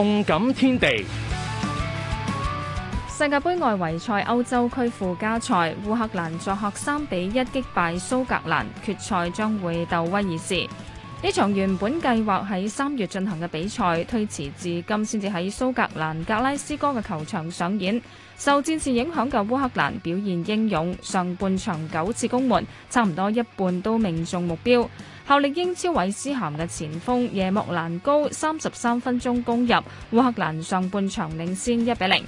動感天地。世界盃外圍賽歐洲區附加賽，烏克蘭作客三比一擊敗蘇格蘭，決賽將會鬥威爾士。呢場原本計劃喺三月進行嘅比賽，推遲至今先至喺蘇格蘭格拉斯哥嘅球場上演。受戰事影響嘅烏克蘭表現英勇，上半場九次攻門，差唔多一半都命中目標。效力英超韋斯咸嘅前鋒耶莫蘭高三十三分鐘攻入，烏克蘭上半場領先一比零。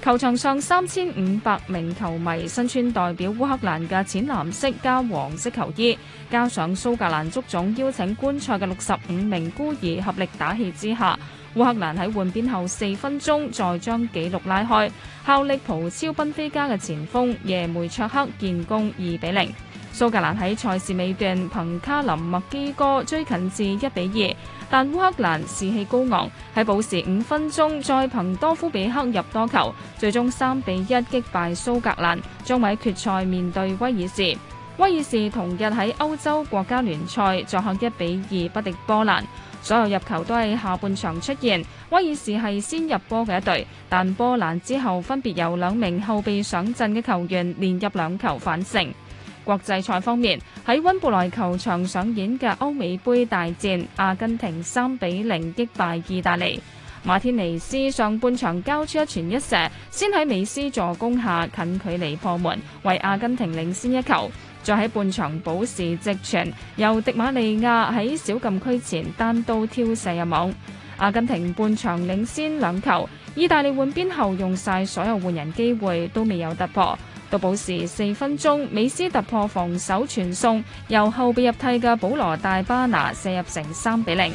球場上三千五百名球迷身穿代表烏克蘭嘅淺藍色加黃色球衣，加上蘇格蘭足總邀請觀賽嘅六十五名孤兒合力打氣之下，烏克蘭喺換邊後四分鐘再將紀錄拉開，效力葡超賓菲加嘅前鋒耶梅卓克建功二比零。蘇格蘭喺賽事尾段憑卡林麥基哥追近至一比二，但烏克蘭士氣高昂喺補時五分鐘再憑多夫比克入多球，最終三比一擊敗蘇格蘭，將喺決賽面對威爾士。威爾士同日喺歐洲國家聯賽作客一比二不敵波蘭，所有入球都係下半場出現。威爾士係先入波嘅一隊，但波蘭之後分別由兩名後備上陣嘅球員連入兩球反勝。國際賽方面，喺溫布萊球場上演嘅歐美杯大戰，阿根廷三比零擊敗意大利。馬天尼斯上半場交出一傳一射，先喺美斯助攻下近距離破門，為阿根廷領先一球。再喺半場補時直傳，由迪馬利亞喺小禁區前單刀挑射入網，阿根廷半場領先兩球。意大利換邊後用晒所有換人機會，都未有突破。到保時四分鐘，美斯突破防守傳送，傳送由後備入替嘅保羅大巴拿射入成，成三比零。